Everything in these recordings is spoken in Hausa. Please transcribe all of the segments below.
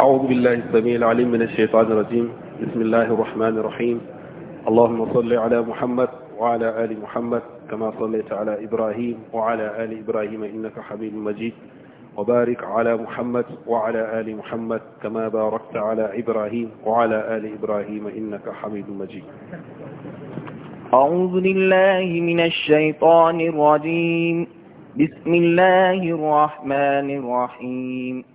أعوذ بالله السميع العليم من الشيطان الرجيم بسم الله الرحمن الرحيم اللهم صل على محمد وعلى آل محمد كما صليت على إبراهيم وعلى آل إبراهيم إنك حميد مجيد وبارك على محمد وعلى آل محمد كما باركت على إبراهيم وعلى آل إبراهيم إنك حميد مجيد أعوذ بالله من الشيطان الرجيم بسم الله الرحمن الرحيم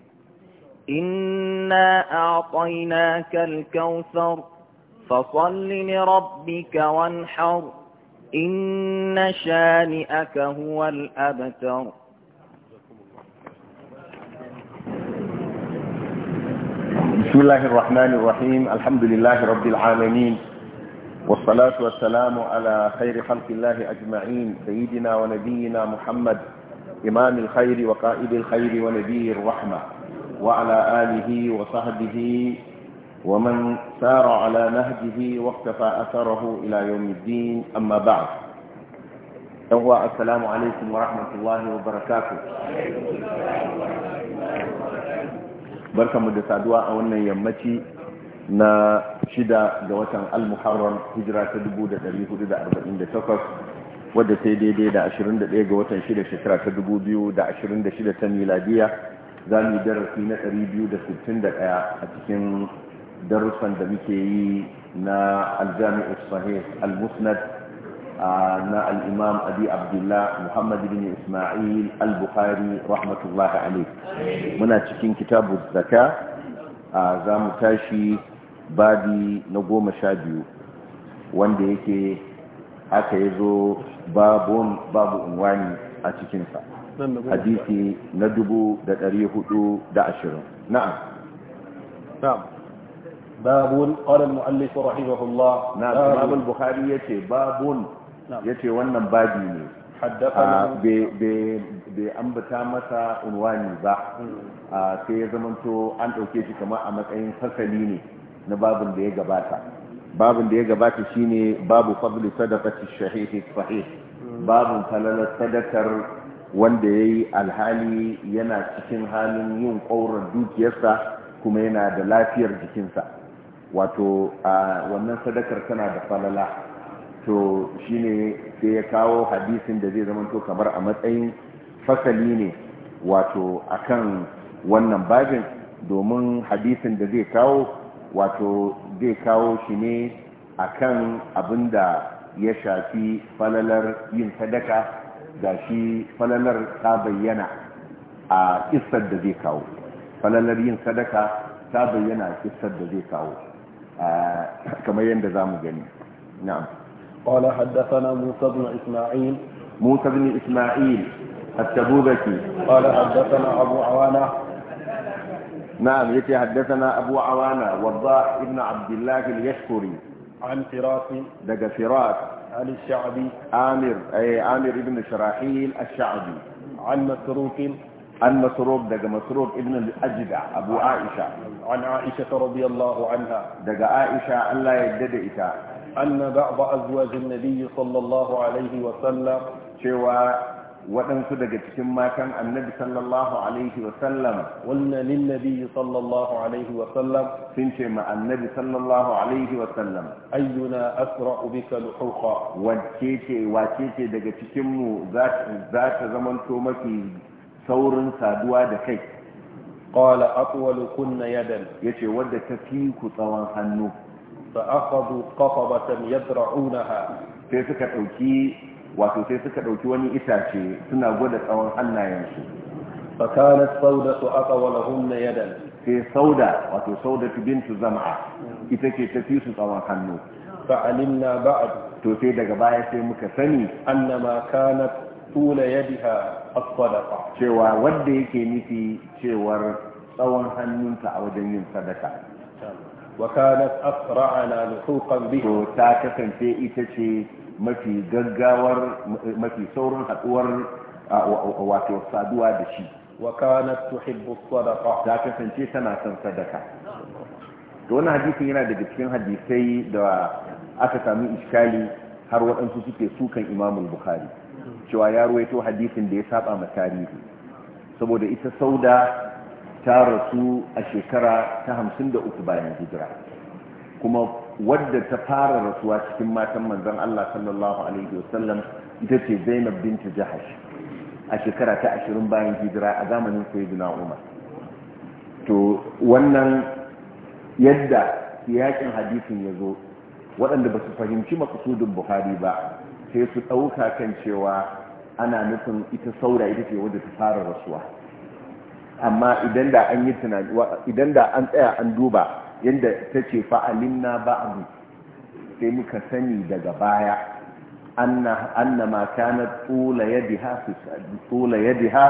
إنا أعطيناك الكوثر فصل لربك وانحر إن شانئك هو الأبتر بسم الله الرحمن الرحيم الحمد لله رب العالمين والصلاة والسلام على خير خلق الله أجمعين سيدنا ونبينا محمد إمام الخير وقائد الخير ونبي الرحمة وعلى آله وصحبه ومن سار على نهجه واقتفى أثره إلى يوم الدين أما بعد أهوى السلام عليكم ورحمة الله وبركاته بركة مدسة دواء وانا يمتي na shida ga watan al-muharram hijira ta 1448 wadda sai daidai da 21 ga watan shida shekara ta 2026 ta miladiya za mu yi darasi na 261 a cikin darussan da muke yi na aljami'ar sahih al-musnad na al'imam abi abdullah muhammad bin ismail al-bukhari rahmatullah alaih muna cikin kitabu zaka za mu tashi badi na goma sha biyu wanda yake aka yi zo babu unwani a cikinsa hadisi na dubu da ɗari hudu da ashirin na'am na'am babun ƙwarar mu'allifu rahimahullah na babul buhari ya ce babun ya ce wannan babi ne ah, bai ambata masa unwani ba hmm. ah, sai ya zamanto an ɗauke shi kama a matsayin fasali ne na babun da ya gabata Babun da ya gabata shine babu fadli sadaqati shahihi sahih hmm. babin falalar sadakar wanda ya yi alhali yana cikin halin yin ƙaurar dukiyarsa kuma yana da lafiyar jikinsa wato a wannan sadakar tana da falala to shine sai ya kawo hadisin da zai zamanto kamar a matsayin fasali ne wato akan wannan babin domin hadisin da zai kawo wato zai kawo shi ne akan abin da ya shafi falalar yin sadaka ga shi falalar ta bayyana a kistar da zai kawo falalar yin sadaka ta bayyana a kistar da zai kawo kamar yadda za mu gani na'am wala haddasa na isma'il musa isma'il attabu da wala haddasa abu awana na'am ya ce haddasa na abu awana wadda ibn abdullahi ya shkuri عن فراس دغ عن الشعبي عامر أي عامر بن شراحيل الشعبي عن مسروق عن مسروق دق مسروق ابن الأجدع أبو عائشة عن عائشة رضي الله عنها دق عائشة أن لا يدد إتا أن بعض أزواج النبي صلى الله عليه وسلم شوى waɗansu daga cikin matan annabi sallallahu alaihi wasallam wannan sallallahu alaihi sun ce ma annabi sallallahu alaihi ayyuna asra'u bika luhuqa wacce ce wace ce daga cikin mu za ta zamanto mafi saurin saduwa da kai qala atwalu kunna yadan yace wadda ta fi ku tsawon hannu fa akhadhu qatabatan yadra'unaha sai suka dauki wato sai suka ɗauki wani itace suna gwada tsawon hannayensu fakanat sauda su aka hunna yadan sai sauda wato sauda bintu zama'a ita ke tafi su tsawon hannu fa'alimna ba'ad to sai daga baya sai muka sani annama kanat tula yadiha as-sadaqa cewa wanda yake nufi cewar tsawon hannunta a wajen yin sadaka wa kanat asra'ana luhuqan bihi to ta kasance ita ce mafi gaggawar mafi saurin haduwar wato saduwa da shi wa na tuhibbu sadaqa ta kasance tana son sadaka to wannan hadisin yana daga cikin hadisai da aka samu iskali har waɗansu suke sukan Imam Bukhari cewa ya ruwaito hadisin da ya saba ma tarihi saboda ita sauda ta rasu a shekara ta 53 bayan hijira kuma wadda ta fara rasuwa cikin matan manzon Allah sallallahu alaihi wasallam ita ce Zainab bint Jahash a shekara ta 20 bayan hijira a zamanin Sayyidina Umar to wannan yadda yakin hadisin ya zo waɗanda ba su fahimci makasudin Buhari ba sai su ɗauka kan cewa ana nufin ita saura ita ce wadda ta fara rasuwa amma idan da an yi tunani idan da an tsaya an duba yadda ta ce fa'alin na ba'adu sai muka sani daga baya mata na tsola yadda ha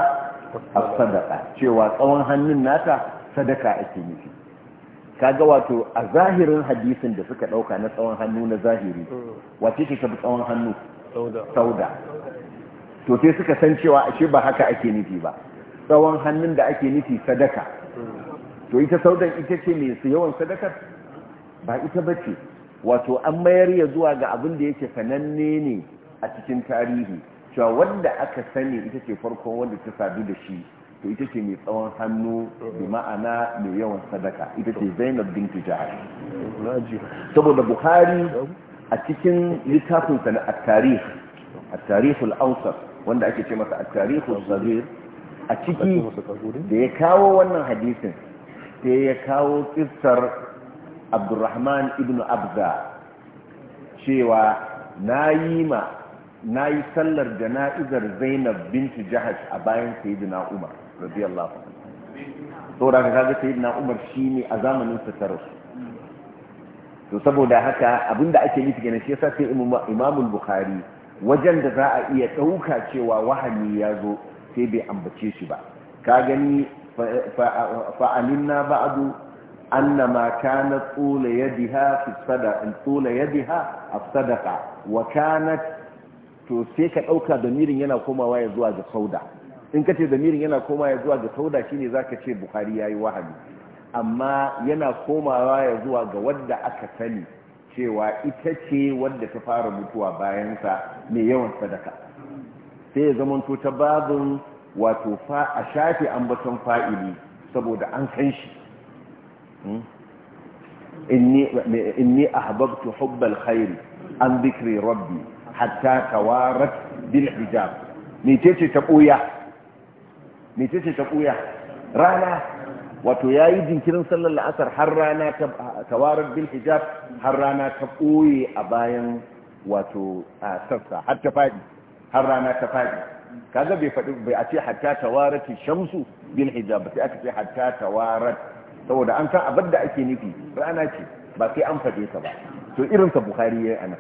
a sadaka cewa tsawon hannun nata sadaka ake nufi kaga wato a zahirin hadisin da suka dauka na tsawon hannu na zahiri wace ce ta tsawon hannu sauda to sai suka san cewa ashe ba haka ake nufi ba tsawon hannun da ake nufi sadaka to ita saudan ita ce mai su yawan sadakar ba ita ba ce wato an mayar ya zuwa ga abin da yake sananne ne a cikin tarihi cewa wanda aka sani ita ce farko wanda ta sadu da shi to ita ce mai tsawon hannu da ma'ana mai yawan sadaka ita ce zainab bin jihar saboda buhari a cikin littafinsa na a tarihi, a tarihi al wanda ake ce masa a tarihi al a ciki da ya kawo wannan hadisin sai ya kawo kissar abdurrahman ibn abza cewa na yi ma na yi sallar na'izar zainab bintu jihar a bayan sayyidina umar radiyallahu anhu saboda kaga sayyidina umar shine a zamanin sa ta to saboda haka abinda ake nufi gane shi yasa sai imamul bukhari wajen da za a iya ɗauka cewa wahani ya zo sai bai ambace shi ba ka gani na ba'adu annama kanat tsula yadiha fi sadaqa tsula yadiha a sadaqa wa kanat to sai ka dauka damirin yana komawa ya zuwa ga sauda in ka ce damirin yana komawa ya zuwa ga sauda shine zaka ce bukhari yi wahabi amma yana komawa ya zuwa ga wadda aka sani cewa ita ce wadda ta fara mutuwa bayansa mai yawan sadaka sai ya zamanto ta babin wato fa a shafe ambaton fa'ili saboda an san shi hmm? inni hababtu hubbal khair an dhikri rabbi hatta tawarat bil hijab mecece ta koya mecece ta koya rana wato ya yi jinkirin sallar la'asar har rana ta tawarat bil hijab har rana ta koye a bayan wato a sassa har ta fadi har rana ta faɗi. kaga bai faɗi bai a ce hatta tawarat shamsu bil hijab sai aka ce hatta tawarat saboda an san abin da ake nufi rana ce ba sai an faɗe ta ba to irin ka buhari yayi ana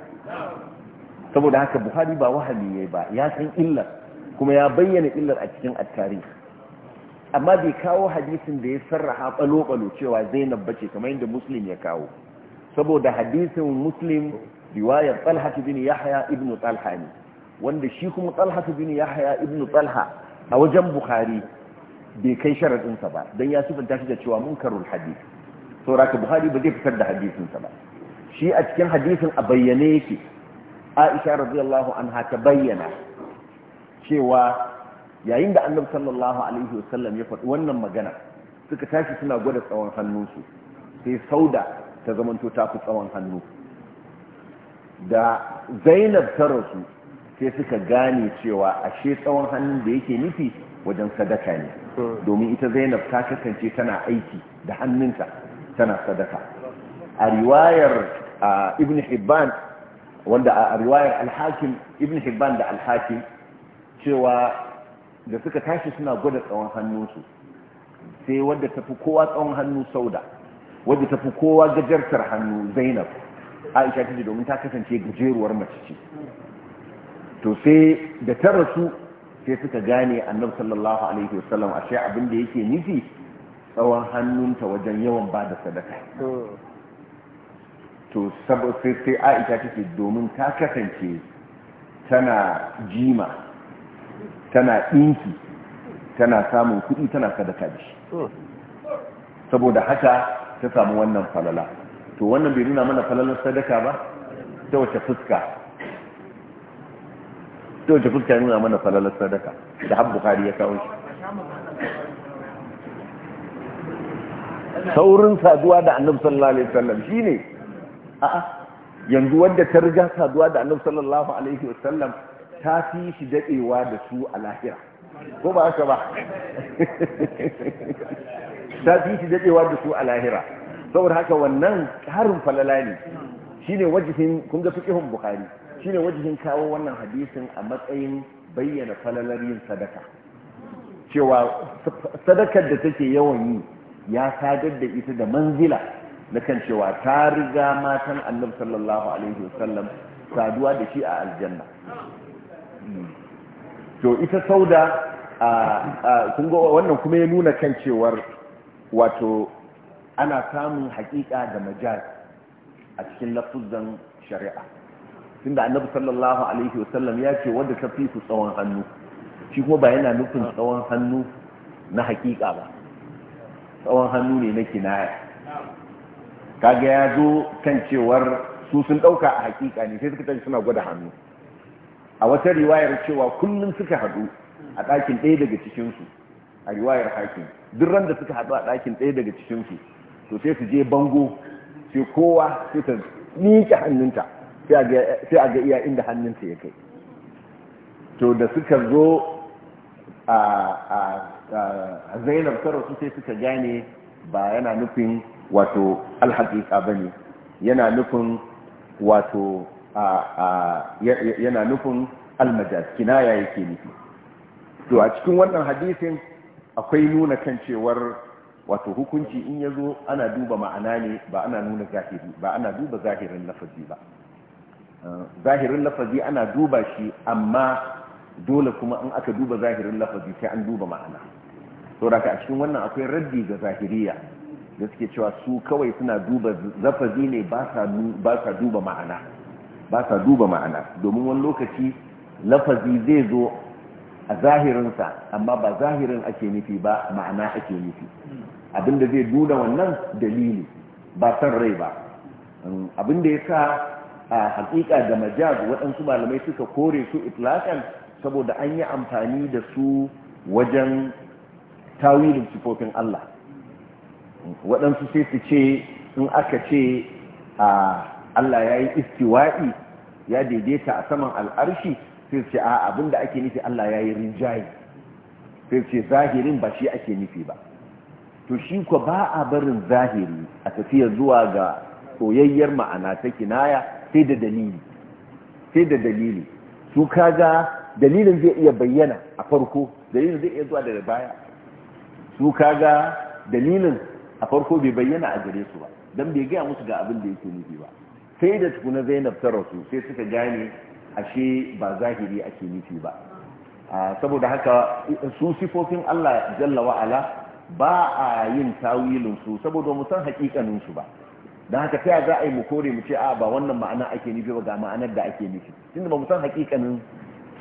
saboda haka buhari ba wahali yayi ba ya san illar kuma ya bayyana illar a cikin at-tarikh amma bai kawo hadisin da ya sarraha balo-balo cewa zainab bace kamar yadda muslim ya kawo saboda hadisin muslim riwayar talha bin yahya ibn talha ne wanda shi kuma talha ya haya ibn talha a wajen bukhari bai kai sharaɗinsa ba don ya sifanta shi da cewa munkarul hadith saura buhari ba zai fitar da hadisinsa ba shi a cikin hadisin a bayyane yake aisha radiyallahu anha ta bayyana cewa yayin da annabi sallallahu alaihi wasallam ya faɗi wannan magana suka tashi suna gwada tsawon hannunsu sai sauda ta zamanto ta fi tsawon hannu da zainab ta rasu sai suka gane cewa ashe tsawon hannun da yake nufi wajen sadaka ne domin ita zainab ta kasance tana aiki da hannunta tana sadaka a riwayar ibn hibban wanda a riwayar alhakim ibn hibban da alhakim cewa da suka tashi suna gwada tsawon hannunsu sai wadda tafi kowa tsawon hannu sauda wadda tafi kowa gajartar hannu zainab aisha ta ce domin ta kasance gajeruwar mace ce to sai da ta rasu sai suka gane annabi sallallahu alaihi wasallam shi abin da yake nufi tsawon hannunta wajen yawan ba da sadaka to sai sai aisha take domin ta kasance tana jima tana ɗinki tana samun kuɗi tana sadaka da shi saboda haka ta samu wannan falala to wannan bai nuna mana falalar sadaka ba ta wace fuska ta wace fuska nuna mana falalar sadaka da har bukari ya kawo shi saurin saduwa da annabi sallallahu alaihi wasallam shine a'a yanzu wadda ta riga saduwa da annabi sallallahu alaihi wasallam ta fi shi dadewa da su a lahira ko ba haka ba ta fi shi dadewa da su a lahira saboda haka wannan harin falala ne shine wajihin kun ga fiqhun bukhari shine wajihin kawo wannan hadisin a matsayin bayyana falalar yin sadaka cewa sadakar da take yawan yi ya sadar da ita da manzila na kan cewa ta riga matan annabi sallallahu alaihi wasallam saduwa da shi a aljanna to ita sauda kun ga wannan kuma ya nuna kan cewar wato ana samun hakika da majaz a cikin lafuzan shari'a tunda annabi sallallahu alaihi wasallam ya ce wanda ta fi su tsawon hannu shi kuma ba yana nufin tsawon hannu na hakika ba tsawon hannu ne na kinaya kaga ya zo kan cewar su sun dauka a hakika ne sai suka tafi suna gwada hannu a wata riwayar cewa kullum suka hadu a ɗakin ɗaya daga cikinsu a riwayar hakim duk ran da suka hadu a ɗakin ɗaya daga cikinsu to sai su je bango sai kowa sai ta miƙe hannunta sai a ga iya inda hannunta ya kai to da suka zo a zainab ta sai suka gane ba yana nufin wato alhaƙiƙa ba ne yana nufin wato yana nufin almajaz kinaya yake nufi to a cikin wannan hadisin akwai nuna kan cewar wato hukunci in ya zo ana duba ma'ana ne ba ana nuna zahiri ba ana duba zahirin lafazi ba zahirin lafazi ana duba shi amma dole kuma in aka duba zahirin lafazi sai an duba ma'ana sauraka a cikin wannan akwai raddi ga zahiriya da suke cewa su kawai suna duba lafazi ne ba sa duba ma'ana ba sa duba ma'ana domin wani lokaci lafazi zai zo a zahirinsa amma ba zahirin ake nufi ba ma'ana ake nufi abinda zai nuna wannan dalili ba san rai ba abinda ya sa a hakika da majaz waɗansu malamai suka kore su itlaqan saboda an yi amfani da su wajen tawilin sifofin Allah waɗansu sai su ce in aka ce a Allah ya yi istiwa'i ya daidaita a saman al'arshi sai ce a da ake nufi Allah ya yi rinjaye sai ce zahirin ba shi ake nufi ba to shi ko ba a barin zahiri a tafiya zuwa ga soyayyar ma'ana ta kinaya sai da dalili sai da dalili su kaga dalilin zai iya bayyana a farko dalilin zai iya zuwa daga baya su kaga dalilin a farko bai bayyana a gare su ba don bai gaya musu ga abin da yake nufi ba sai da tukuna zainab ta su sai suka gane ashe ba zahiri ake nufi ba saboda haka su sifofin Allah jalla wa'ala ba a yin tawilin su saboda mu san hakikanin ba don haka ta za a yi mu kore mu ce a ba wannan ma'ana ake nufi ba ga ma'anar da ake nufi tunda ba mu san hakikanin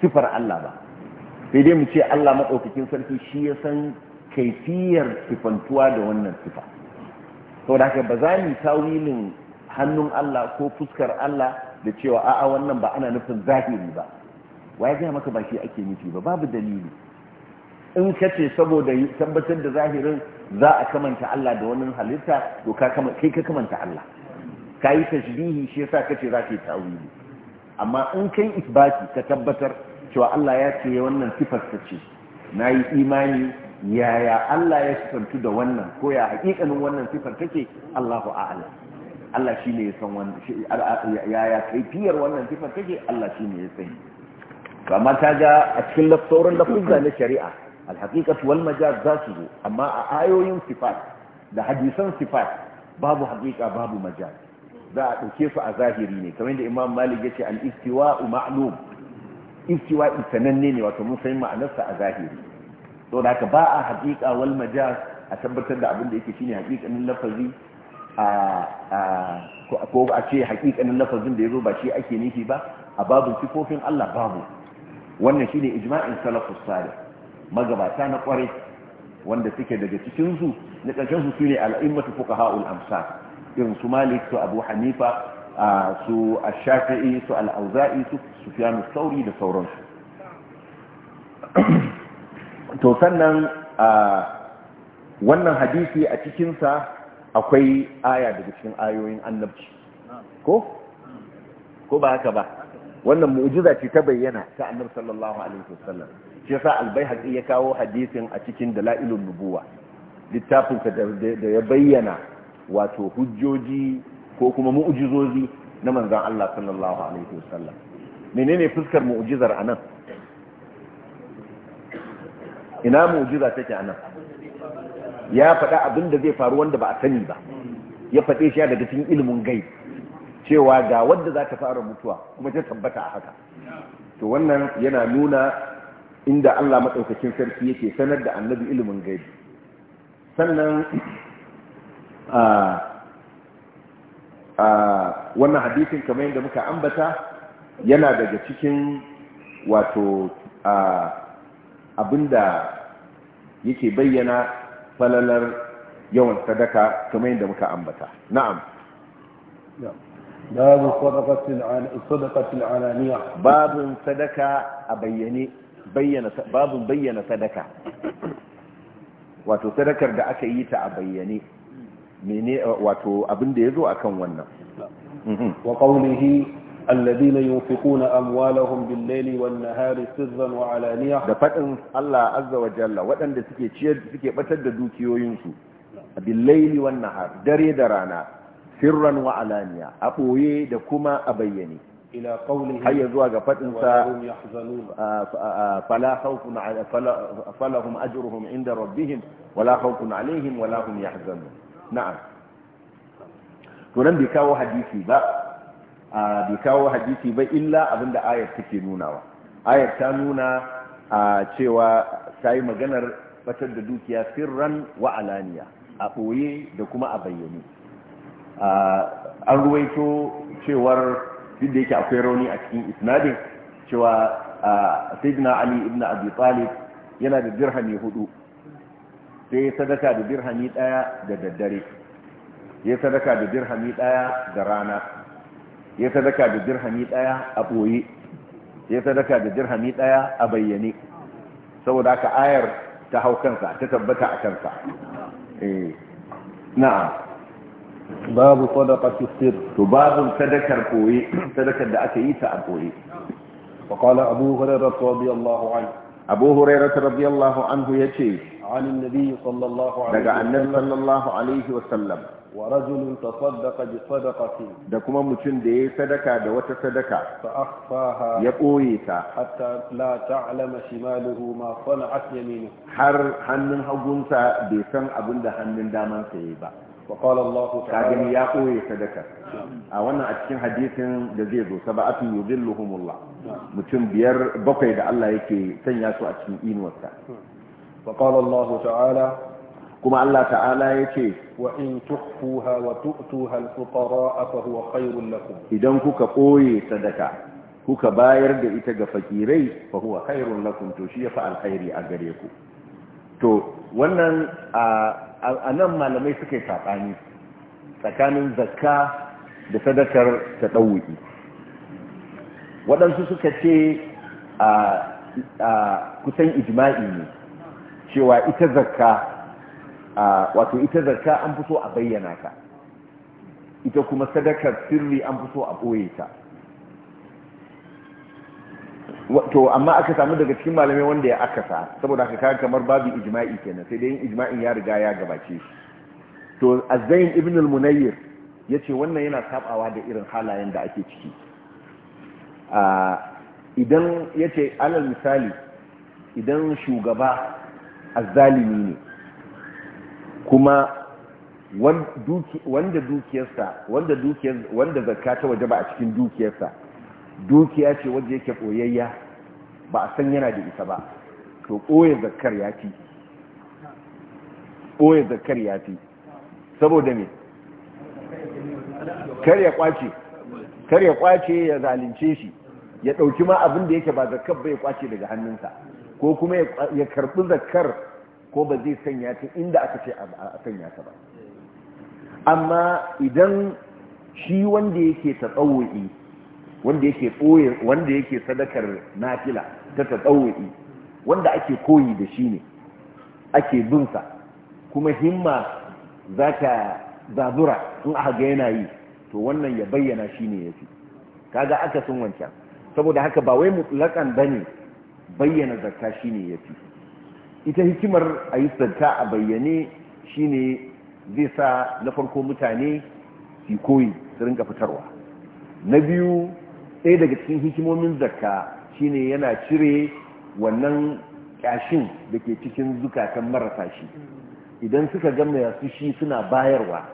sifar Allah ba sai dai mu ce Allah matsaukakin sarki shi ya san kaifiyar sifantuwa da wannan sifa sau da haka ba za mu tawilin hannun Allah ko fuskar Allah da cewa a'a wannan ba ana nufin zahiri ba wai ga maka ba shi ake nufi ba babu dalili in ka ce saboda tabbatar da zahirin za a kamanta Allah da wani halitta to ka kai ka kamanta Allah ka yi tashbihi shi yasa ka ce za ka yi tawili amma in kai isbati ka tabbatar cewa Allah ya ce wannan sifar ta ce na yi imani yaya Allah ya sifantu da wannan ko ya hakikanin wannan sifar take Allahu a'lam Allah shi ne ya san wannan yaya kaifiyar wannan sifar take Allah shi ne ya sani kamar ta ga a cikin lafsorin lafuzza na shari'a alhaqiqatu walmaja zasu za su zo amma a ayoyin sifat da hadisan sifat babu haƙiƙa babu majaz za a su a zahiri ne kamar da imam malik ya ce istiwa'u ma'lum istiwa sananne ne wato mun san ma'anarsa a zahiri to da haka ba a haqiqa wal a tabbatar da abin da yake shine haƙiƙanin lafazi a ko a ce haƙiƙanin lafazin da ya zo ba shi ake nufi ba a babu sifofin Allah babu wannan shine ijma'in salafus salih magabata na kwarai wanda suke daga cikin su na ƙarshen su shine al'immatu fuqaha'ul amsa irin su Malik su Abu Hanifa su ash su Al-Auza'i su Sufyan sauri da sauransu to sannan wannan hadisi a cikinsa akwai aya daga cikin ayoyin annabci ko ko ba haka ba wannan mu'jiza ce ta bayyana ta annabi sallallahu alaihi wasallam shi yasa albayhaqi ya kawo hadisin a cikin dalailun nubuwa littafin da ya bayyana wato hujjoji ko kuma mu'jizozi na manzon Allah sallallahu alaihi wasallam menene fuskar mu'jizar anan ina mu'jiza take anan ya faɗa abin da zai faru wanda ba a sani ba ya faɗe shi daga cikin ilimin gai cewa ga wanda za ta fara mutuwa kuma ta tabbata a haka to wannan yana nuna inda Allah maɗaukakin sarki yake sanar da annabi ilimin gaibi sannan wannan hadisin kamar yadda muka ambata yana daga cikin wato abinda yake bayyana falalar yawan sadaka kamar yadda muka ambata na'am babu sadaka a bayyane bayyana bayyana sadaka wato sadakar da aka yi ta a bayyane mene wato abin da a kan wannan mhm. wa qawlihi alladhina yunfiquna amwalahum bil-layli wan-nahari sirran wa alaniya da faɗin Allah azza wa jalla waɗanda suke ciyar suke batar da dukiyoyinsu bil-layli wannan dare da rana sirran wa alaniya a ɓoye da kuma a bayyane ila qawlihi hayya zuwa ga fadin sa fala khawfun falahum ajruhum inda rabbihim wala khawfun alaihim wala hum yahzanun na'am to nan bai kawo hadisi ba bai kawo hadisi ba illa abinda ayat take nunawa ayat ta nuna cewa ta yi maganar batar da dukiya sirran wa alaniya a ɓoye da kuma a bayyane an ruwaito cewar duk da yake akwai rauni a cikin isnadin cewa sayyidina ali ibn abi talib yana da dirhami hudu sai sadaka da dirhami daya da daddare ya sadaka da dirhami daya da rana ya sadaka da dirhami daya a boye ya sadaka da dirhami daya a bayyane saboda haka ayar ta hau kansa ta tabbata a kansa eh na'am babu sadaqati sirr to babu sadakar koyi sadakar da aka yi ta a koyi wa qala abu hurairah radiyallahu anhu abu hurairah radiyallahu anhu yace an annabi sallallahu alaihi daga annabi sallallahu alaihi wa sallam wa rajulun tasaddaqa bi sadaqatin da kuma mutum da yayi sadaka da wata sadaka fa akhfaha ya koye ta hatta la ta'lama shimaluhu ma sana'at yaminuhu har hannun hagunsa bai san da hannun damansa yayi ba وقال الله تعالى كاجن يا قوي صدقه a wannan a cikin hadisin da zai zo sab'atu yudhilluhumullah mutum biyar bakwai da Allah yake sanya su a cikin inuwarsa wa qala Allah ta'ala kuma Allah ta'ala yake wa in tukhfuha wa tu'tuha al-fuqara fa huwa khayrun lakum idan kuka koye sadaka kuka bayar da ita ga fakirai fa huwa khayrun lakum to shi yafa alkhairi a gare ku to wannan a a nan malamai suka yi saɓani tsakanin zakka da sadakar ta ɗauki waɗansu suka ce a kusan ijima'i ne cewa ita zakka wato ita zakka an fi so a bayyana ka ita kuma sadakar sirri an fi so a ɓoye ta to amma aka samu daga cikin malamai wanda ya akasa saboda haka kaga kamar babu ijma'i kenan sai dai yin ijma'in ya riga ya gabace shi to azzain ibn al-munayyir yace wannan yana sabawa da irin halayen da ake ciki a idan yace alal misali idan shugaba azzalimi ne kuma wanda dukiyarsa wanda dukiyar wanda zakka ta wajaba a cikin dukiyarsa dukiya ce wadda yake ɓoyayya ba a san yana da isa ba to koyar zakar ya fi koyar zakar ya fi saboda ne kar ya kwace kar ya kwace ya zalince shi ya ɗauki ma abin da yake ba zakar bai kwace daga hannunsa ko kuma ya karɓi zakar ko ba zai sanya ta inda aka ce a sanya ta ba amma idan shi wanda yake ta tsawo'i wanda yake koyi wanda yake sadakar nafila ta tatawu'i wanda ake koyi da shi ne ake bin sa kuma himma zaka zabura in aka ga yana yi to wannan ya bayyana shi ne yafi kaga aka sun wancan saboda haka ba wai mutlakan ne bayyana zakka shi ne yafi ita hikimar a yi a bayyane shi ne zai sa na farko mutane su koyi su rinka fitarwa na biyu ɗaya daga cikin hikimomin zakka shine yana cire wannan ƙyashin da ke cikin zukatan marasa shi idan suka ga yasushi shi suna bayarwa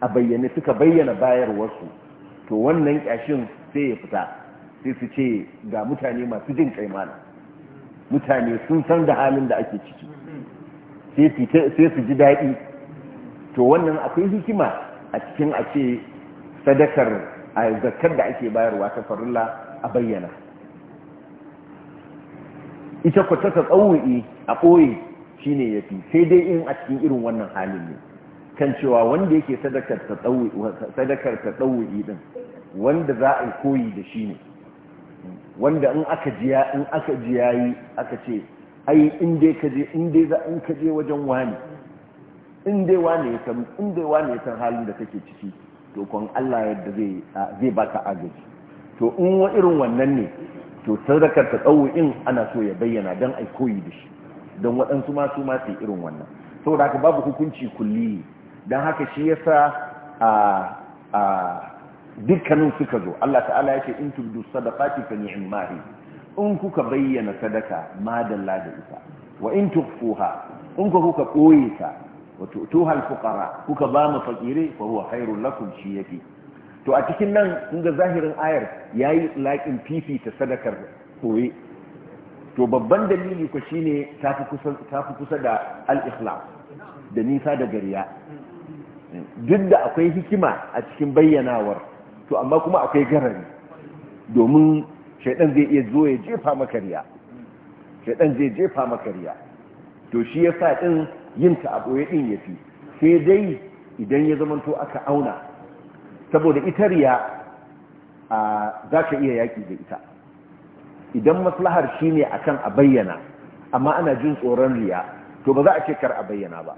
a bayyane suka bayyana bayarwarsu to wannan ƙyashin sai ya fita sai su ce ga mutane masu jin kaimana mutane sun san da halin da ake ciki sai su ji daɗi to wannan akwai hikima a cikin a ce sadakar a zarkar da ake bayarwa ta farilla a bayyana ita kwata ta tsawo'i a ɓoye shi ne ya fi sai dai in a cikin irin wannan halin ne kan cewa wanda yake sadakar ta tsawo'i din wanda za a yi koyi da shi ne wanda in aka jiya in aka aka ce ai in dai ka je in dai za in ka je wajen wani in dai wani ya san in dai wani ya san halin da take ciki to kon Allah yadda zai zai baka agaji to in wa irin wannan ne to sadakar ta in ana so ya bayyana dan ai koyi da shi dan waɗansu ma su ma su irin wannan saboda haka babu hukunci kulli dan haka shi yasa a a dukkanin suka zo Allah ta'ala ya ce in tubdu sadaqati fa ni'mahi in kuka bayyana sadaka madalla da ita wa in tukfuha in kuka koyi ta wato tuhal fuqara kuka ba mu fakire fa huwa khairul lakum shi yafi to a cikin nan kun ga zahirin ayar yayi laƙin fifi ta sadakar koyi to babban dalili ko shine tafi kusa tafi kusa da al-ikhlas da nisa da gariya duk da akwai hikima a cikin bayyanawar to amma kuma akwai garari domin shaidan zai iya zo ya jefa maka riya shaidan zai jefa maka riya to shi yasa din yin ta a ɓoye ɗin ya fi sai dai idan ya zamanto aka auna saboda ita riya za ka iya yaƙi da ita idan maslahar shi ne a kan a bayyana amma ana jin tsoron riya to ba za a ce kar a bayyana ba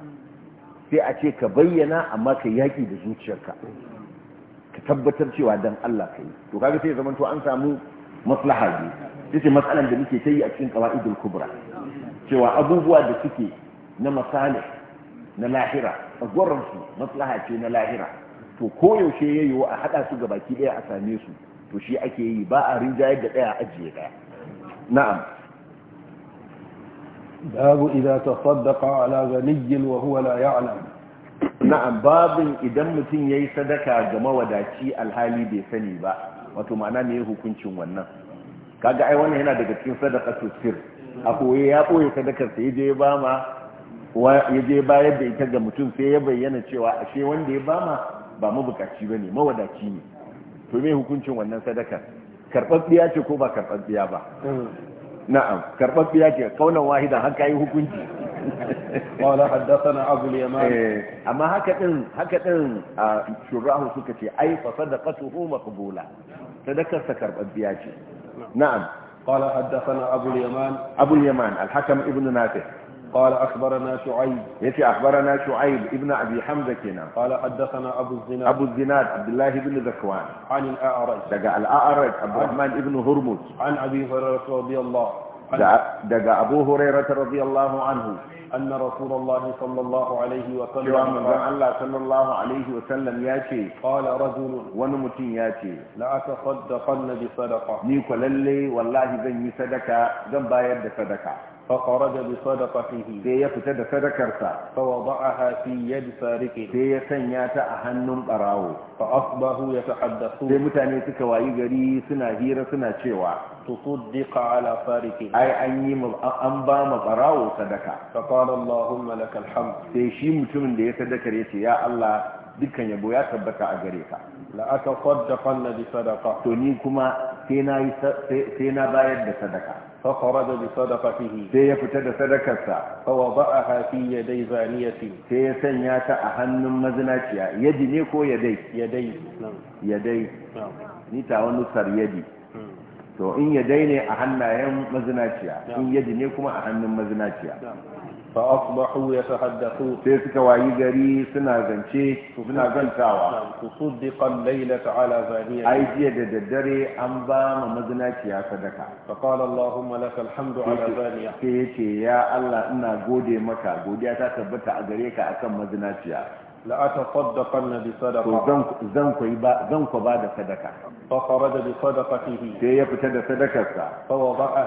sai a ce ka bayyana amma ka yaƙi da zuciyarka ka tabbatar cewa don Allah ka yi to kaga sai zamanto an samu maslahar ne ita matsalar da muke ta yi a cikin ƙawa'idul kubra cewa abubuwa da suke na masalih na lahira a tsagwaransu maslaha ce na lahira to koyaushe ya wa a haɗa su gabaki ɗaya a same su to shi ake yi ba a rinjayar da ɗaya ajiye ɗaya na'am babu idan ta saddaka ala ganiyyin wa huwa la ya'lam na'am babin idan mutum yayi sadaka ga mawadaci alhali bai sani ba wato ma'ana ne hukuncin wannan kaga ai wannan yana daga cikin sadaka sir a koye ya koye sadakar sai je ba ma wa ya je bayar da ita ga mutum sai ya bayyana cewa ashe wanda ya bama ba mabukaci ba ne mawadaci ne to me hukuncin wannan sadakar karɓaɓɓiya ce ko ba karɓaɓɓiya ba na'am karɓaɓɓiya ce kaunan wahida haka yi hukunci wala haddathana abul yaman eh, amma haka din haka din shurahu suka ce ai fa sadaqatuhu maqbula sadakar sa karɓaɓɓiya ce na'am qala haddathana abul yaman abul yaman al-hakam ibn nafi' قال أخبرنا شعيب يتي أخبرنا شعيب ابن أبي حمزة كنا قال حدثنا أبو الزناد أبو الزناد عبد الله بن ذكوان عن الأعرج دقى الأعرج عبد الرحمن بن هرمز عن أبي هريرة رضي الله دقى أبو هريرة رضي الله عنه أن رسول الله صلى الله عليه وسلم قال الله صلى الله عليه وسلم ياتي قال رجل ونمتين ياتي لا أتصدقن بصدقة نيكو للي والله بني صدقة جنبا يد صدقة فخرج بصدقته sai ya fita da sadakarsa fa wada'aha fi yad sariqi sai ya sanya ta a hannun barawo fa asbahu yatahaddathu sai mutane suka wayi gari suna hira suna cewa tusuddiqa ala sariqi ai an yi an ba ma barawo sadaka fa qala allahumma lakal sai shi mutumin da ya sadakar yace ya Allah dukkan yabo ya tabbata a gare ka la aka saddaqan bi sadaqa to ni kuma sai na bayar da sadaka فخرج بصدقته سي فتد صدقته فوضعها في يدي زانية سي سنياتا أهن مزناتيا يدي نيكو يدي يدي يدي نتا ونصر يدي to in yadai ne a hannayen mazinaciya in yadi ne kuma a hannun mazinaciya fa asbahu yatahaddathu sai suka wayi gari suna zance suna zantawa ku suddiqa al-laylata ala ai jiya da daddare an ba ma mazinaciya sadaka fa qala allahumma laka alhamdu ala yace ya Allah ina gode maka godiya ta tabbata a gare ka akan mazinaciya la atasaddaqanna bi sadaqa zan zan koy zan ko ba da sadaka fa kharaja bi sadaqatihi sai ya fita da sadakar sa fa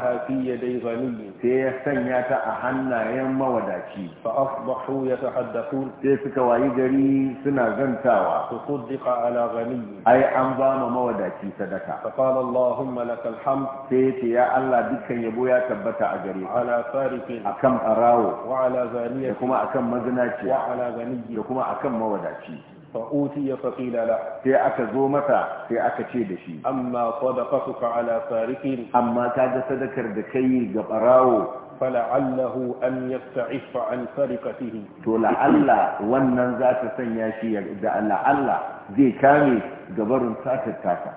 ya fi yadayi ghaniy sai ya sanya ta a hannayen mawadaci fa asbahu yatahaddathun sai suka wayi gari suna zantawa su suddiqa ala ghaniy ai an ba mawadaci sadaka fa qala allahumma lakal hamd sai ce ya allah dukkan yabo ya tabbata a gare ka ala sarifin akan arawo wa ala zaniya kuma akan mazinaci wa ala ghaniy kuma akan yaron mawadaci fa'uti ya faƙila la sai aka zo masa sai aka ce da shi amma sadaqatuka ala sariqin amma kaga sadakar da kai ga barawo fala'allahu an yasta'ifa an sariqatihi to la'alla wannan za ta sanya shi da la'alla zai kame gabarin satar tasa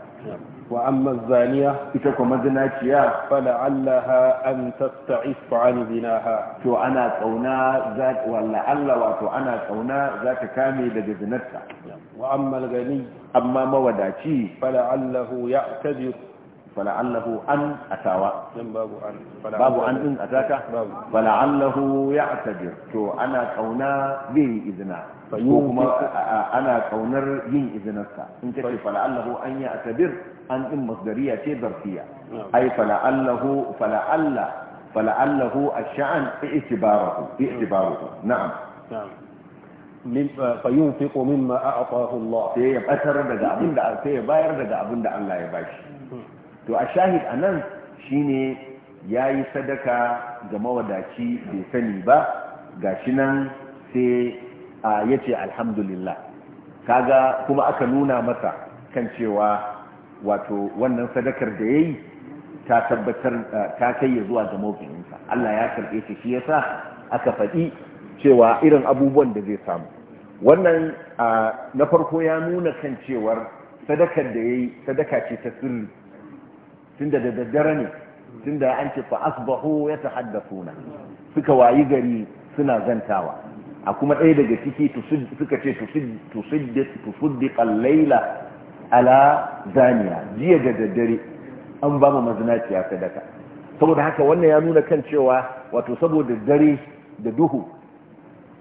wa amma zaniya ita kuma zinaciya fala allaha an tasta'if an zinaha to ana tsauna za walla Allah wato ana tsauna za ta kame daga zinarta wa amma gani amma mawadaci fala allahu ya'tabi fala allahu an atawa babu an babu an din ataka fala allahu ya'tabi to ana tsauna zai izina ko kuma ana kaunar yin izinarsa in kace fala allahu an ya'tabir an din masdariya ce zarfiya ai fala'allahu fala'alla fala'allahu ash-sha'an i'tibaruhu i'tibaruhu na'am fayunfiqu mimma a'tahu Allah sai ya batar daga abin sai ya bayar daga abinda Allah ya bashi to a shahid anan shine yayi sadaka ga mawadaci bai sani ba gashi nan sai yace alhamdulillah kaga kuma aka nuna masa kan cewa wato wannan sadakar da yayi ta tabbatar eh, ta kai ya zuwa ga mawkinsa Allah ya karbe shi shi yasa aka faɗi cewa irin abubuwan da zai samu wannan na farko ya nuna kan cewar sadakar da yayi sadaka ce ta sirri tunda da daddare ne tunda an ce fa asbahu yatahaddathuna suka wayi gari suna zantawa a kuma ɗaya daga ciki suka ce tusuddiq al-laila ala zaniya jiya da daddare an ba mu mazinaciya sadaka saboda haka wannan ya nuna kan cewa wato saboda dare da duhu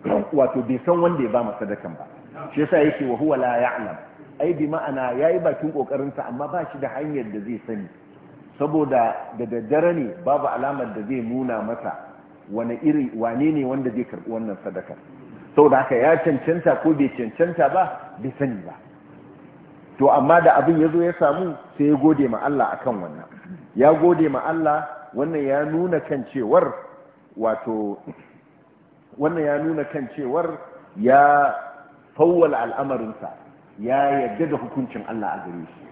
wato bai san wanda ya ba masa sadakan ba shi yasa yake wa huwa la ya'lam ai bi ma'ana yayi bakin kokarin sa amma ba shi da hanyar da zai sani saboda da daddare ne babu alamar da zai nuna masa wani iri wane ne wanda zai karbi wannan sadaka saboda haka ya cancanta ko bai cancanta ba bai sani ba to amma da abin ya zo ya samu sai ya gode ma Allah a kan wannan ya gode ma Allah wannan ya nuna kan cewar wato wannan ya nuna kan cewar ya fawwal al'amarinsa ya yarda da hukuncin Allah a gare shi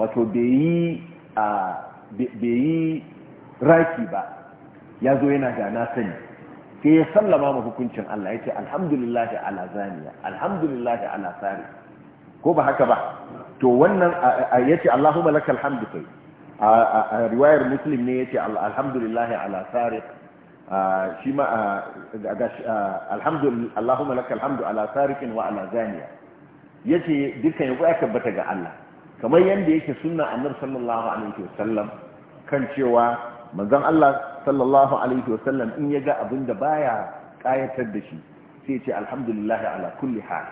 wato bai yi raki ba ya zo yana gana sani sai ya sallama ma hukuncin Allah ya ce alhamdulillah ala zaniya alhamdulillah ala sari ko ba haka ba to wannan yace Allahumma lakal hamdu kai a riwayar muslim ne yace alhamdulillah ala sariq shi ma alhamdulillah Allahumma lakal hamdu ala sariqin wa ala zaniya yace dukkan yabo aka tabbata ga Allah kamar yanda yake sunna annabi sallallahu alaihi wasallam kan cewa manzon Allah sallallahu alaihi wasallam in yaga abinda baya kayatar da shi sai ya ce alhamdulillah ala kulli hal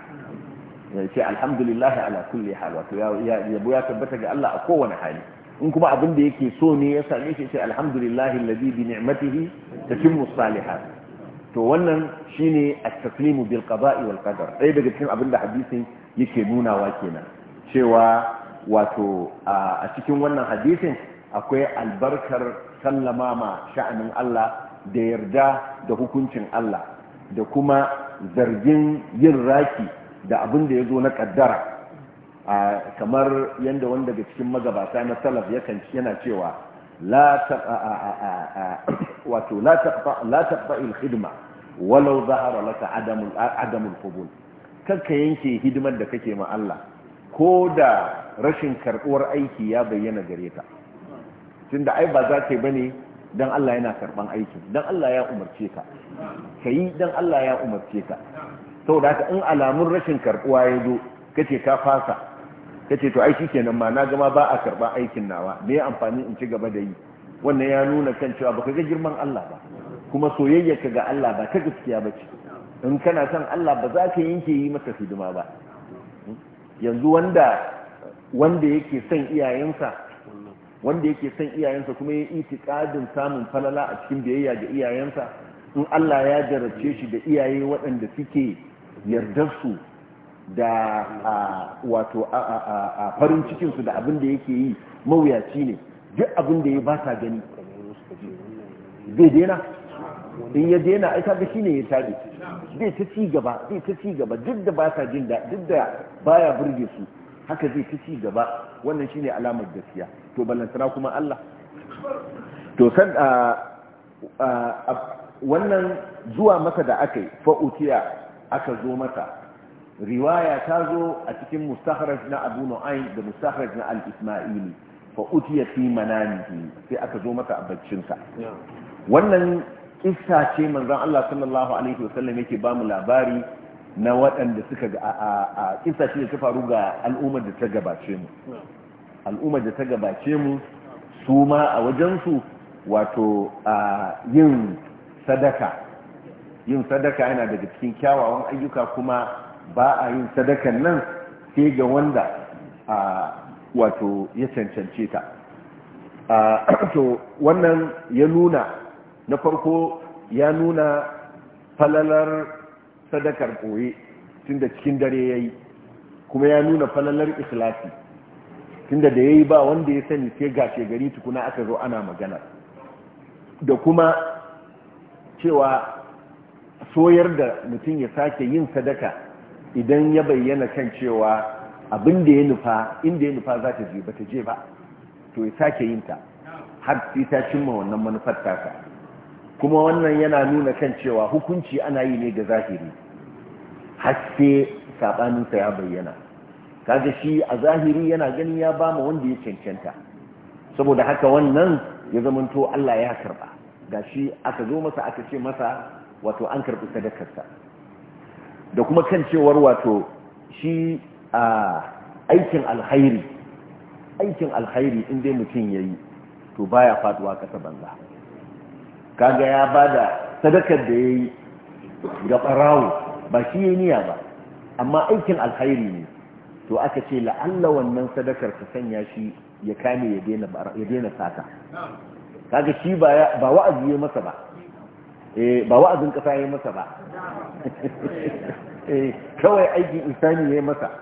Sai alhamdulillah ala kulli hal wato yabo ya tabbata ga Allah a kowane hali in kuma abin da yake so ne ya same shi sai alhamdulillah alladhi bi ni'matihi tatimmu salihat to wannan shine at-taslimu bil qada'i wal qadar dai daga cikin abin da hadisin yake nunawa kenan cewa wato a cikin wannan hadisin akwai albarkar sallama ma sha'anin Allah da yarda da hukuncin Allah da kuma zargin yin raki da abin da ya zo na kaddara kamar yadda wanda daga cikin magabata na salaf yakan yana cewa wato la taɓa il hidima walau zahara laka adamul adamul kanka yanke hidimar da kake ma Allah ko da rashin karbuwar aiki ya bayyana gare tun da ai ba za ka yi ne don Allah yana karban aiki don Allah ya umarce ka ka yi don Allah ya umarce ka da haka in alamun rashin karbuwa ya zo kace ka fasa kace to ai kenan ma na gama ba a karba aikin nawa me amfani in ci gaba da yi wannan ya nuna kan cewa baka ga girman Allah ba kuma ka ga Allah ba ta gaskiya bace in kana son Allah ba za ka yanke yi masa hidima ba yanzu wanda wanda yake son iyayensa wanda yake son iyayensa kuma ya itikadin samun falala a cikin biyayya ga iyayensa in Allah ya jarabce shi da iyaye waɗanda suke su da wato a farin cikinsu da abin da yake yi mawuyaci ne duk abin da ya ba ta gani zai dena in ya dena ai kaga ne ya tabi zai ta ci gaba zai ta ci gaba duk da ba ta jin da duk da baya burge su haka zai ta ci gaba wannan shi ne alamar gaskiya to balantana kuma Allah to san wannan zuwa maka da aka yi fa'utiya aka zo mata riwaya ta zo a cikin mustakhraj na abu nu'ayn da mustakhraj na al-isma'ili fa utiya fi manamihi sai aka zo mata a baccinsa wannan kissa ce manzon Allah sallallahu alaihi wasallam yake ba mu labari na waɗanda suka ga a kissa ce da ta faru ga al'ummar da ta gabace mu al'ummar da ta gabace mu su ma a wajen su wato yin sadaka yin sadaka yana daga cikin kyawawan ayyuka kuma ba a yin sadakan nan sai ga wanda a wato ya cancance ta to wannan ya nuna na farko ya nuna falalar sadakar ɓoye tun da cikin dare ya yi kuma ya nuna falalar ikhlasi tun da da ya yi ba wanda ya sani sai ga gari tukuna aka zo ana magana da kuma cewa soyar da mutum ya sake yin sadaka idan ya bayyana kan cewa abin da ya nufa inda ya nufa za ta je ba ta je ba to ya sake yin ta har sai ta cimma wannan manufar taka kuma wannan yana nuna kan cewa hukunci ana yi ne ga zahiri har sai sabaninsa ya bayyana kaga shi a zahiri yana ganin ya ba ma wanda ya cancanta saboda haka wannan ya zamanto Allah ya karba shi aka zo masa aka ce masa wato an karɓi sadakarsa da kuma kan cewar wato shi a aikin alkhairi aikin alkhairi in mutum ya yi to baya faduwa ƙasa banza kaga ya bada da sadakar da ya yi ga ɓarawo ba shi ya niya ba amma aikin alkhairi ne to aka ce la'alla wannan sadakar ka sanya shi ya kame ya daina sata kaga shi ba wa'azi ya masa ba eh ba wa'azin kasa ya masa ba eh kawai aikin insani ya masa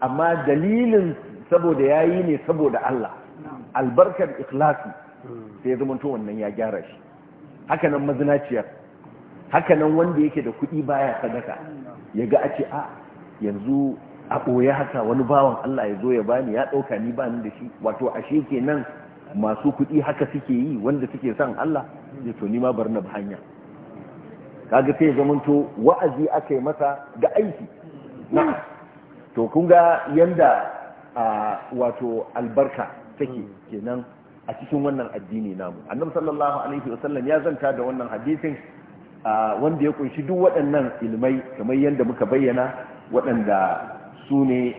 amma dalilin saboda yayi ne saboda Allah albarkar ikhlasi sai ya zamanto wannan ya gyara shi haka nan mazinaciyar haka nan wanda yake da kuɗi baya sadaka ya ga a ce a yanzu a ɓoye haka wani bawan Allah ya zo ya bani ya ɗauka ni bani da shi wato ashe kenan masu kuɗi haka suke yi wanda suke son Allah ya to ni ma bar na hanya kaga sai zamanto wa'azi aka yi masa ga aiki to kun ga yanda wato albarka take kenan a cikin wannan addini namu annabi sallallahu alaihi wasallam ya zanta da wannan hadisin wanda ya kunshi duk waɗannan ilmai kamar yanda muka bayyana waɗanda su ne